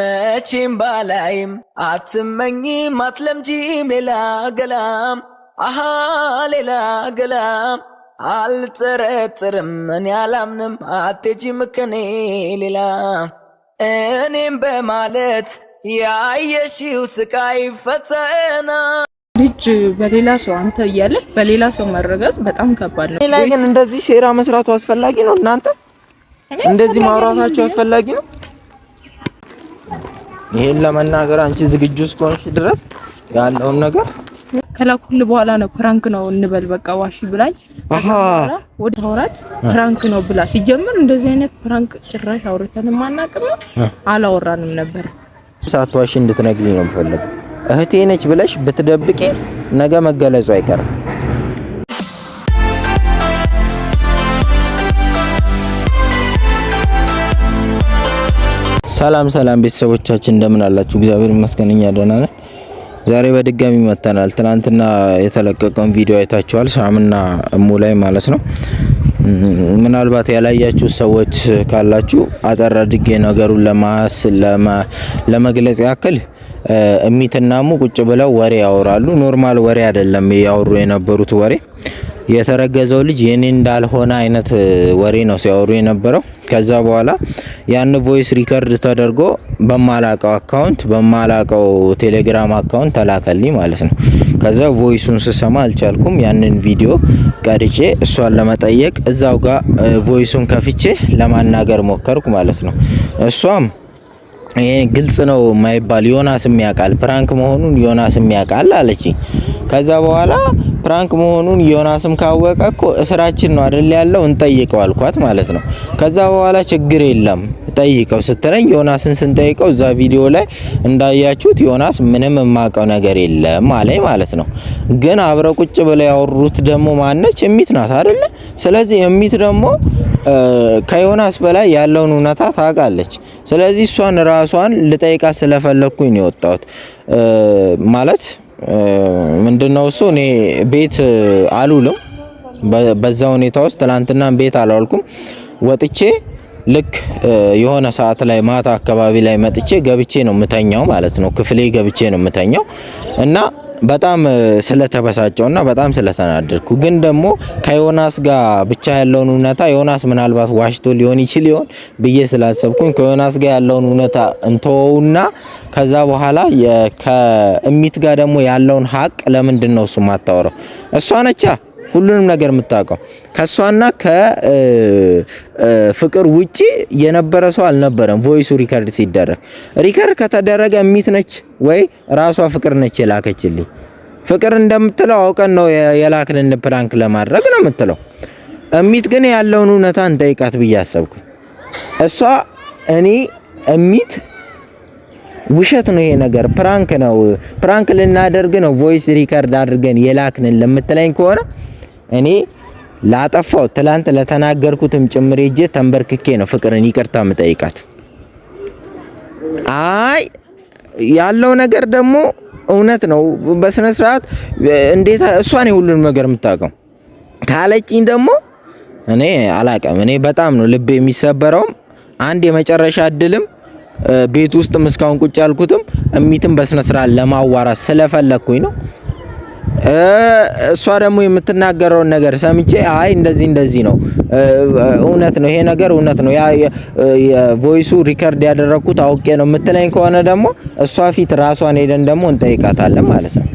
መቼም ባላይም አትመኝም አትለምጂም ሌላ ገላም አሃ ሌላ ገላም አልጠረጥርም እኔ አላምንም አትሄጂም ከኔ ሌላ እኔም በማለት ያየሽው ስቃይ ፈተና ልጅ በሌላ ሰው አንተ እያለ በሌላ ሰው መረገዝ በጣም ከባድ ነው። ላይ ግን እንደዚህ ሴራ መስራቱ አስፈላጊ ነው? እናንተ እንደዚህ ማውራታቸው አስፈላጊ ነው? ይሄን ለመናገር አንቺ ዝግጁ እስከሆንሽ ድረስ ያለውን ነገር ከላኩል በኋላ ነው ፕራንክ ነው እንበል በቃ ዋሺ ብላኝ፣ አሃ ወደ ታውራት ፕራንክ ነው ብላ ሲጀምር እንደዚህ አይነት ፕራንክ ጭራሽ አውርተን ማናቅም አላወራንም ነበር። ሳትዋሺ እንድትነግሪ ነው የምፈልገው። እህቴ ነች ብለሽ ብትደብቄ ነገ መገለጹ አይቀርም። ሰላም ሰላም ቤተሰቦቻችን እንደምን አላችሁ? እግዚአብሔር ይመስገን እኛ ደህና ነን። ዛሬ በድጋሚ መጥተናል። ትናንትና የተለቀቀውን ቪዲዮ አይታችኋል፣ ሳምና እሙ ላይ ማለት ነው። ምናልባት ያላያችሁ ሰዎች ካላችሁ አጠር አድጌ ነገሩን ለማስ ለመግለጽ ያክል እሚትና እሙ ቁጭ ብለው ወሬ ያወራሉ። ኖርማል ወሬ አይደለም ያወሩ የነበሩት ወሬ የተረገዘው ልጅ የኔ እንዳልሆነ አይነት ወሬ ነው ሲያወሩ የነበረው። ከዛ በኋላ ያን ቮይስ ሪከርድ ተደርጎ በማላቀው አካውንት በማላቀው ቴሌግራም አካውንት ተላከልኝ ማለት ነው። ከዛ ቮይሱን ስሰማ አልቻልኩም። ያንን ቪዲዮ ቀርጬ እሷን ለመጠየቅ እዛው ጋር ቮይሱን ከፍቼ ለማናገር ሞከርኩ ማለት ነው። እሷም ይሄ ግልጽ ነው የማይባል ዮናስ የሚያውቃል ፕራንክ መሆኑን ዮናስ የሚያውቃል አለች። ከዛ በኋላ ፕራንክ መሆኑን ዮናስም ካወቀ እኮ እስራችን ነው አይደል ያለው እንጠይቀው አልኳት ማለት ነው። ከዛ በኋላ ችግር የለም ጠይቀው ስትለኝ ዮናስን ስንጠይቀው እዛ ቪዲዮ ላይ እንዳያችሁት ዮናስ ምንም የማውቀው ነገር የለም አለኝ ማለት ነው። ግን አብረ ቁጭ ብለው ያወሩት ደግሞ ማነች እሚት ናት አይደለ? ስለዚህ እሚት ደግሞ ከዮናስ በላይ ያለውን እውነታ ታውቃለች። ስለዚህ እሷን ራሷን ልጠይቃት ስለፈለግኩኝ ነው የወጣሁት ማለት ምንድነው እሱ እኔ ቤት አልውልም። በዛ ሁኔታ ውስጥ ትላንትና ቤት አላልኩም ወጥቼ ልክ የሆነ ሰዓት ላይ ማታ አካባቢ ላይ መጥቼ ገብቼ ነው የምተኛው ማለት ነው። ክፍሌ ገብቼ ነው የምተኛው እና በጣም ስለተበሳጨውና በጣም ስለተናደድኩ ግን ደግሞ ከዮናስ ጋር ብቻ ያለውን እውነታ ዮናስ ምናልባት ዋሽቶ ሊሆን ይችል ይሆን ብዬ ስላሰብኩኝ ከዮናስ ጋር ያለውን እውነታ እንተወውና ከዛ በኋላ ከእሚት ጋር ደግሞ ያለውን ሀቅ ለምንድን ነው እሱ ማታወረው እሷ ነቻ ሁሉንም ነገር የምታውቀው ከሷና ከፍቅር ውጪ የነበረ ሰው አልነበረም። ቮይሱ ሪከርድ ሲደረግ ሪከርድ ከተደረገ ሚት ነች ወይ ራሷ ፍቅር ነች የላከችልኝ። ፍቅር እንደምትለው አውቀን ነው የላክልን ፕራንክ ለማድረግ ነው የምትለው። እሚት ግን ያለውን እውነታ እንጠይቃት ብዬ አሰብኩኝ። እሷ እኔ እሚት ውሸት ነው ይሄ ነገር ፕራንክ ነው ፕራንክ ልናደርግ ነው ቮይስ ሪከርድ አድርገን የላክንን ለምትለኝ ከሆነ እኔ ላጠፋው ትላንት ለተናገርኩትም ጭምር ሄጄ ተንበርክኬ ነው ፍቅርን ይቅርታ የምጠይቃት አይ ያለው ነገር ደግሞ እውነት ነው። በስነ ስርዓት እንዴት እሷ ነው ሁሉን ነገር የምታውቀው ካለችኝ ደግሞ እኔ አላቀም። እኔ በጣም ነው ልብ የሚሰበረውም አንድ የመጨረሻ እድልም ቤት ውስጥ እስካሁን ቁጭ ያልኩትም እሚትም በስነ ስርዓት ለማዋራት ስለፈለግኩኝ ነው። እሷ ደግሞ የምትናገረውን ነገር ሰምቼ አይ እንደዚህ እንደዚህ ነው እውነት ነው ይሄ ነገር እውነት ነው፣ ያ የቮይሱ ሪከርድ ያደረግኩት አውቄ ነው የምትለኝ ከሆነ ደግሞ እሷ ፊት ራሷን ሄደን ደግሞ እንጠይቃታለን ማለት ነው።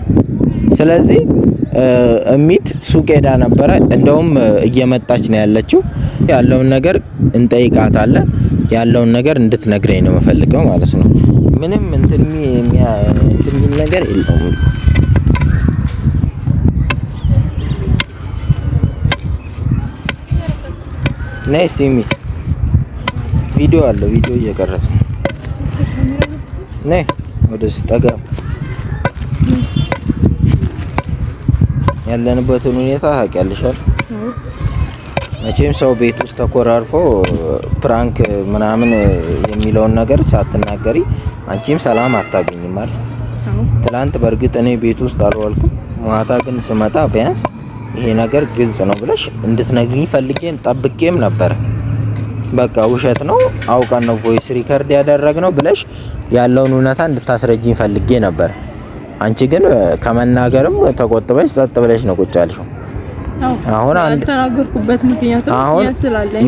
ስለዚህ እሚት ሱቅ ሄዳ ነበረ። እንደውም እየመጣች ነው ያለችው። ያለውን ነገር እንጠይቃታለን። ያለውን ነገር እንድትነግረኝ ነው የምፈልገው ማለት ነው። ምንም እንትን የሚል ነገር የለውም። እና እስቲ ሚት ቪዲዮ አለ ቪዲዮ እየቀረጸ ነይ ወደዚህ ጠጋ ያለንበትን ሁኔታ ታውቂያለሻል መቼም ሰው ቤት ውስጥ ተኮራርፎ ፕራንክ ምናምን የሚለውን ነገር ሳትናገሪ አንቺም ሰላም አታገኝም አይደል ትላንት በእርግጥ እኔ ቤት ውስጥ አልዋልኩም ማታ ግን ስመጣ ቢያንስ ይሄ ነገር ግልጽ ነው ብለሽ እንድትነግሪኝ ፈልጌን ጠብቄም ነበር። በቃ ውሸት ነው አውቀን ነው ቮይስ ሪከርድ ያደረግነው ብለሽ ያለውን እውነታ እንድታስረጅኝ ፈልጌ ነበር። አንቺ ግን ከመናገርም ተቆጥበሽ ጸጥ ብለሽ ነው ቁጭ ያልሽው። አሁን አልተናገርኩበት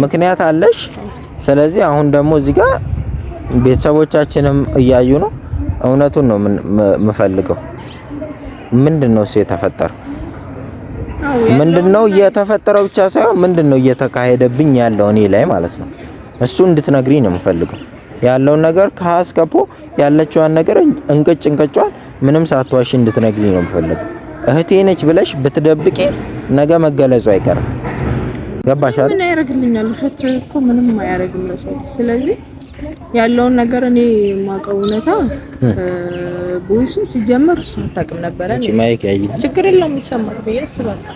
ምክንያት አለሽ። ስለዚህ አሁን ደግሞ እዚህ ጋር ቤተሰቦቻችንም እያዩ ነው። እውነቱን ነው የምፈልገው። ምንድን ነው እሱ የተፈጠረው? ምንድነው እየተፈጠረው ብቻ ሳይሆን ምንድነው እየተካሄደብኝ ያለው እኔ ላይ ማለት ነው። እሱ እንድትነግሪኝ ነው የምፈልገው ያለውን ነገር ከሀስከፖ ያለችዋን ነገር እንቅጭ እንቅጫን ምንም ሳትዋሽ እንድትነግሪኝ ነው የምፈልገው። እህቴ ነች ብለሽ ብትደብቂ ነገ መገለጹ አይቀርም። ገባሽ ምን ያደርግልኛል? ውሸት እኮ ምንም አያደርግም ለሰው። ስለዚህ ያለውን ነገር እኔ የማውቀው እውነታ ቦይሱ ሲጀመር እሱ አታውቅም ነበረ። ችግር የለውም ይሰማል ብዬ አስባለሁ።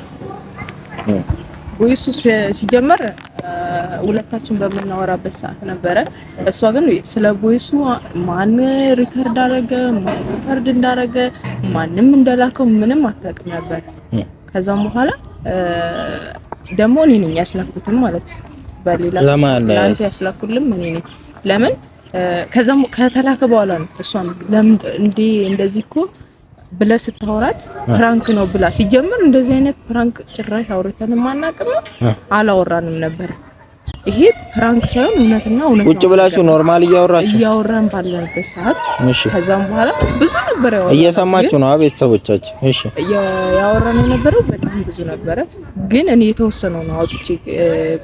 ቦይሱ ሲጀመር ሁለታችን በምናወራበት ሰዓት ነበረ። እሷ ግን ስለ ቦይሱ ማን ሪከርድ አደረገ፣ ማን ሪከርድ እንዳደረገ፣ ማንም እንደላከው ምንም አታውቅም ነበር። ከዛም በኋላ ደግሞ እኔ ነኝ ያስላኩትም ማለት በሌላ ለማን ያስላኩልም እኔ ነኝ ለምን ከዛም ከተላከ በኋላ ነው እሷም ለምን እንዴ እንደዚህ እኮ ብለ ስታወራት ፕራንክ ነው ብላ ሲጀምር እንደዚህ አይነት ፕራንክ ጭራሽ አውርተንም አናውቅም፣ አላወራንም ነበር ይሄ ፕራንክ ሳይሆን እውነትና እውነት ቁጭ ብላችሁ ኖርማል እያወራችሁ እያወራን ባለንበት ሰዓት እሺ፣ ከዛም በኋላ ብዙ ነበር እየሰማችሁ ነው ቤተሰቦቻችን። እሺ፣ ያወራን የነበረው በጣም ብዙ ነበረ፣ ግን እኔ የተወሰነው ነው አውጥቼ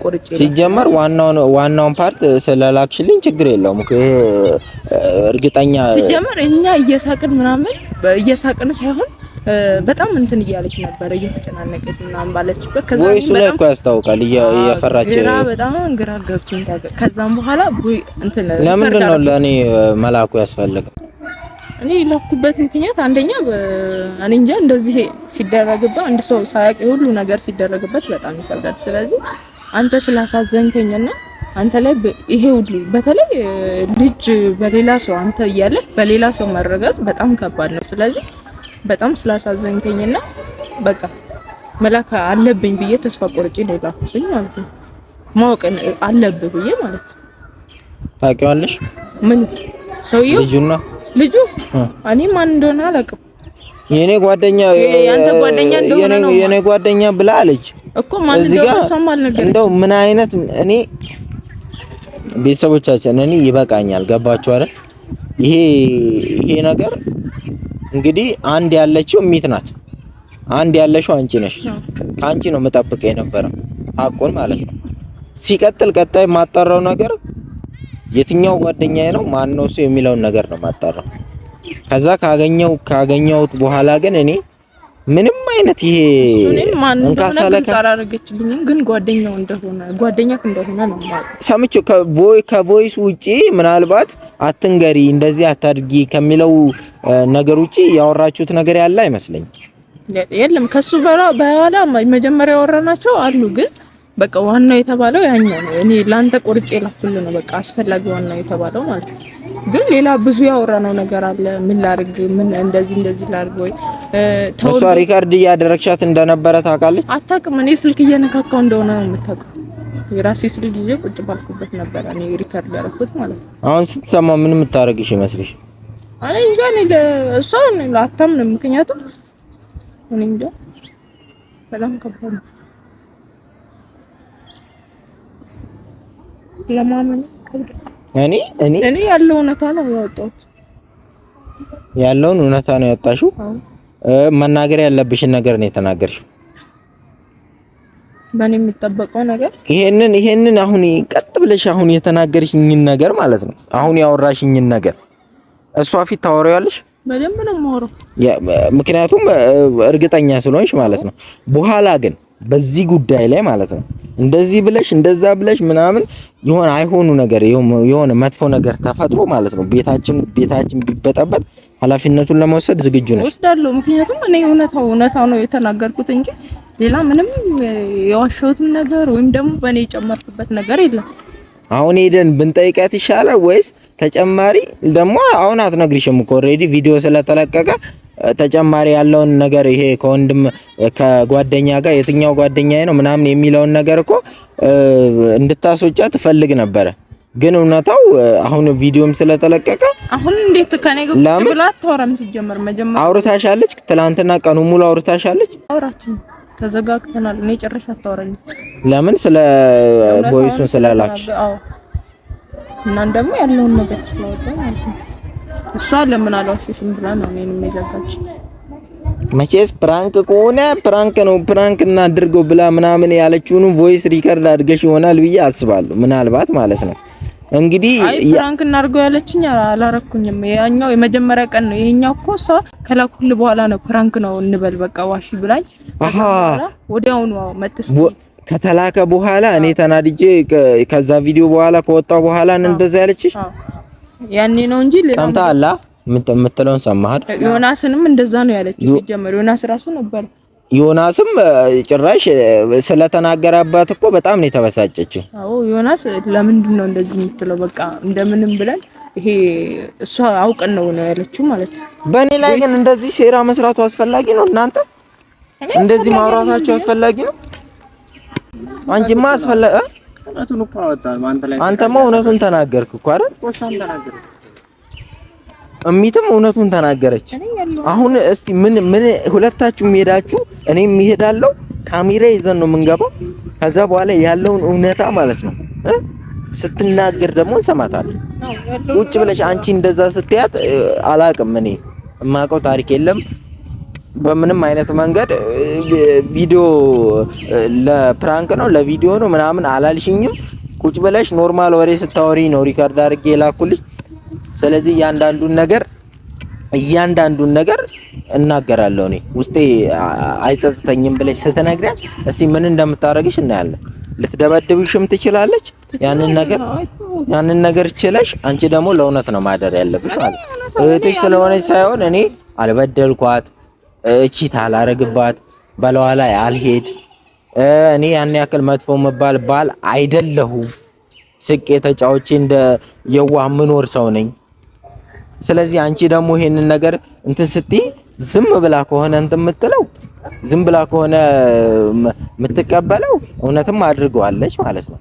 ቆርጬ። ሲጀመር ዋናውን ዋናውን ፓርት ስለላክሽልኝ ችግር የለውም እርግጠኛ። ሲጀመር እኛ እየሳቅን ምናምን እየሳቅን ሳይሆን በጣም እንትን እያለች ነበረ እየተጨናነቀች ምናምን ባለችበት ከዛ ወይስ ላይ እኮ ያስታውቃል እየፈራች ግራ በጣም ግራ ገብቶኝ ታገ ከዛም በኋላ ቡይ እንትን ለምንድን ነው ለእኔ መላኩ ያስፈልግ እኔ የላኩበት ምክንያት አንደኛ እኔ እንጃ እንደዚህ ሲደረግበት አንድ ሰው ሳያውቅ ሁሉ ነገር ሲደረግበት በጣም ይከብዳል ስለዚህ አንተ ስላሳዘንከኝና አንተ ላይ ይሄ ሁሉ በተለይ ልጅ በሌላ ሰው አንተ እያለ በሌላ ሰው መረጋዝ በጣም ከባድ ነው ስለዚህ በጣም እና በቃ መላክ አለብኝ ብዬ ተስፋ ቆርጬ ነው የላኩትኝ ማለት ነው። ማወቅ አለብህ ብዬ ማለት ነው። ታውቂዋለሽ? ምን ሰውዬው? ልጁና ልጁ እኔ ማን እንደሆነ አላውቅም። የኔ ጓደኛ የኔ ጓደኛ እንደሆነ ነው የኔ ጓደኛ ብላ አለች እኮ ማን እንደሆነ ሰማል ነገር እንደው ምን አይነት እኔ ቤተሰቦቻችን እኔ ይበቃኛል። ገባችሁ አይደል? ይሄ ይሄ ነገር እንግዲህ አንድ ያለችው ሚት ናት። አንድ ያለሽው አንቺ ነሽ። ከአንቺ ነው መጠብቅ የነበረ ሀቁን ማለት ነው። ሲቀጥል ቀጣይ የማጣራው ነገር የትኛው ጓደኛዬ ነው ማን ነው እሱ የሚለውን ነገር ነው ማጣራው። ከዛ ካገኘው ካገኘሁት በኋላ ግን እኔ ምንም አይነት ይሄ እንካሳለካ አላረገችልኝም፣ ግን ጓደኛው እንደሆነ ጓደኛክ እንደሆነ ነው ማለት ሰምቼ ከቮይስ ውጪ ምናልባት አትንገሪ፣ እንደዚህ አታድርጊ ከሚለው ነገር ውጪ ያወራችሁት ነገር ያለ አይመስለኝ። የለም ከሱ በኋላ መጀመሪያ ያወራናቸው አሉ፣ ግን በቃ ዋናው የተባለው ያኛው ነው። እኔ ላንተ ቆርጬ ላኩል ነው በቃ አስፈላጊ ዋናው የተባለው ማለት ነው። ግን ሌላ ብዙ ያወራነው ነገር አለ። ምን ላርግ፣ ምን እንደዚህ እንደዚህ ላርግ ወይ እሷ ሪከርድ እያደረግሻት እንደነበረ ታውቃለች? አታውቅም። እኔ ስልክ እየነካካው እንደሆነ ነው የምታውቀው። የራሴ ስልክ ይዤ ቁጭ ባልኩበት ነበረ እኔ ሪከርድ ያደረኩት ማለት ነው። አሁን ስትሰማ ምን የምታደርግሽ ይመስልሽ? እኔ እንጃ። እኔ እሷ አታምንም። ምክንያቱም እኔ እንጃ በጣም ከባድ ነው ለማመን እኔ እኔ እኔ ያለው እውነታ ነው ያወጣሁት። ያለውን እውነታ ነው ያወጣሽው? መናገር ያለብሽን ነገር ነው የተናገርሽው። በእኔ የሚጠበቀው ነገር ይሄንን ይሄንን አሁን ቀጥ ብለሽ አሁን የተናገርሽኝን ነገር ማለት ነው። አሁን ያወራሽኝን ነገር እሷ ፊት ታወሪያለሽ። በደንብ ነው የማወራው፣ ምክንያቱም እርግጠኛ ስለሆንሽ ማለት ነው። በኋላ ግን በዚህ ጉዳይ ላይ ማለት ነው እንደዚህ ብለሽ እንደዛ ብለሽ ምናምን የሆነ አይሆኑ ነገር የሆነ መጥፎ ነገር ተፈጥሮ ማለት ነው ቤታችን ቤታችን ቢበጠበጥ ኃላፊነቱን ለመውሰድ ዝግጁ ነሽ? ወስዳለሁ። ምክንያቱም እኔ እውነታው እውነታው ነው የተናገርኩት እንጂ ሌላ ምንም የዋሸሁትም ነገር ወይም ደግሞ በእኔ የጨመርኩበት ነገር የለም። አሁን ሄደን ብንጠይቃት ይሻላል ወይስ ተጨማሪ ደግሞ አሁን አትነግሪሽም እኮ ኦልሬዲ ቪዲዮ ስለተለቀቀ ተጨማሪ ያለውን ነገር ይሄ ከወንድም ከጓደኛ ጋር የትኛው ጓደኛዬ ነው ምናምን የሚለውን ነገር እኮ እንድታስወጫ ትፈልግ ነበረ። ግን እውነታው አሁን ቪዲዮም ስለተለቀቀ አሁን እንዴት ከኔ ጋር ቁጭ ብላ አታወራም? ሲጀመር መጀመሪያ አውርታሻለች። ትላንትና ቀኑ ሙሉ አውርታሻለች። አውራችን ተዘጋግተናል። እኔ ጭራሽ አታወራኝ። ለምን? ስለ ቦይሱን ስለላክሽ። አዎ። እና ደግሞ ያለውን ነገር ስለወጣ እሷ ለምን አልዋሸሽም ብላ ነው እኔንም የዘጋች። መቼስ ፕራንክ ከሆነ ፕራንክ ነው፣ ፕራንክ እናድርገው ብላ ምናምን ያለችውን ቮይስ ሪከርድ አድርገሽ ይሆናል ብዬ አስባለሁ። ምናልባት ማለት ነው እንግዲህ ፍራንክ እናድርገው ያለችኝ አላረኩኝም። ያኛው የመጀመሪያ ቀን ነው። ይሄኛው እኮ እሷ ከላኩል በኋላ ነው ፍራንክ ነው እንበል በቃ ዋሺ ብላኝ፣ ወዲያውኑ መጥስ ከተላከ በኋላ እኔ ተናድጄ ከዛ ቪዲዮ በኋላ ከወጣው በኋላ እንደዛ ያለች። ያኔ ነው እንጂ ሰምተሃል? የምትለውን ሰማሃል? ዮናስንም እንደዛ ነው ያለች። ሲጀመር ዮናስ ራሱ ነበር ዮናስም ጭራሽ ስለተናገረባት እኮ በጣም ነው የተበሳጨችው። አዎ ዮናስ ለምንድን ነው እንደዚህ የምትለው? በቃ እንደምንም ብለን ይሄ እሷ አውቀን ነው ነው ያለችው ማለት ነው። በእኔ ላይ ግን እንደዚህ ሴራ መስራቱ አስፈላጊ ነው? እናንተ እንደዚህ ማውራታቸው አስፈላጊ ነው? አንቺማ አስፈላጊ አንተማ እውነቱን ተናገርክ እኮ አይደል? እሚትም እውነቱን ተናገረች። አሁን እስቲ ምን ምን ሁለታችሁ ሄዳችሁ እኔም እሄዳለሁ ካሜራ ይዘን ነው የምንገባው። ከዛ በኋላ ያለውን እውነታ ማለት ነው ስትናገር ደግሞ እንሰማታለን። ውጭ ብለሽ አንቺ እንደዛ ስትያት አላቅም እኔ የማውቀው ታሪክ የለም። በምንም አይነት መንገድ ቪዲዮ ለፕራንክ ነው ለቪዲዮ ነው ምናምን አላልሽኝም። ቁጭ ብለሽ ኖርማል ወሬ ስታወሪ ነው ሪከርድ አድርጌ የላኩልሽ። ስለዚህ እያንዳንዱን ነገር እያንዳንዱን ነገር እናገራለሁ እኔ ውስጤ አይጸጽተኝም ብለሽ ስትነግሪያት እስቲ ምን እንደምታደርግሽ እናያለን። ልትደበድብሽም ትችላለች። ያንን ነገር ያንን ነገር ችለሽ አንቺ ደግሞ ለእውነት ነው ማደር ያለብሽ ማለት ነው። እህትሽ ስለሆነች ሳይሆን እኔ አልበደልኳት፣ እቺ ታላረግባት፣ በለዋ ላይ አልሄድ እኔ ያን ያክል መጥፎ መባል ባል አይደለሁም። ስቄ ተጫዎቼ እንደ የዋህ ምኖር ሰው ነኝ ስለዚህ አንቺ ደግሞ ይሄንን ነገር እንትን ስትይ ዝም ብላ ከሆነ እንትን የምትለው ዝም ብላ ከሆነ የምትቀበለው እውነትም አድርገዋለች ማለት ነው።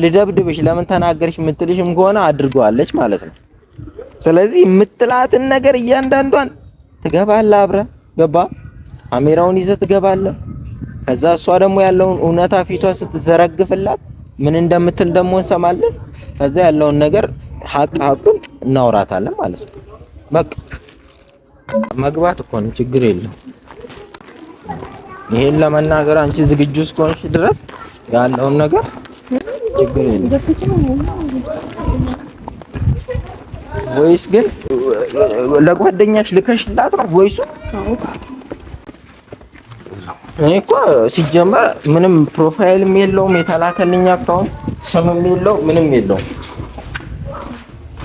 ልደብድብሽ ለምን ተናገርሽ የምትልሽም ከሆነ አድርገዋለች ማለት ነው። ስለዚህ የምትላትን ነገር እያንዳንዷን ትገባለህ፣ አብረ ገባ ካሜራውን ይዘህ ትገባለህ። ከዛ እሷ ደግሞ ያለውን እውነታ ፊቷ ስትዘረግፍላት ምን እንደምትል ደግሞ እንሰማለን። ከዛ ያለውን ነገር ሀቅ ሀቁን እናወራታለን ማለት ነው። በቃ መግባት እኮ ነው፣ ችግር የለም። ይሄን ለመናገር አንቺ ዝግጁ እስከሆንሽ ድረስ ያለውን ነገር ችግር የለም። ወይስ ግን ለጓደኛሽ ልከሽላት ነው ወይሱ? እኔ እኮ ሲጀመር ምንም ፕሮፋይልም የለውም የተላከልኝ አካውንት ስምም የለው ምንም የለውም።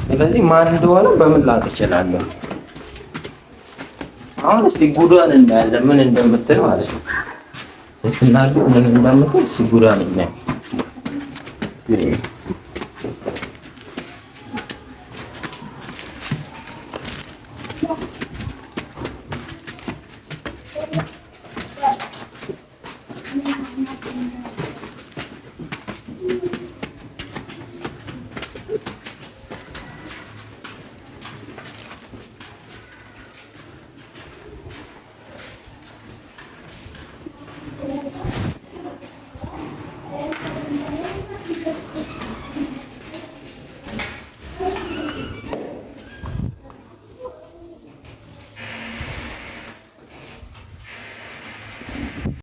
ስለዚህ ማን እንደሆነ በምን ላቅ እችላለሁ? አሁን እስቲ ጉዷን እናያለን፣ ምን እንደምትል ማለት ነው። እና ምን እንደምትል እስቲ ጉዷን እናያለን።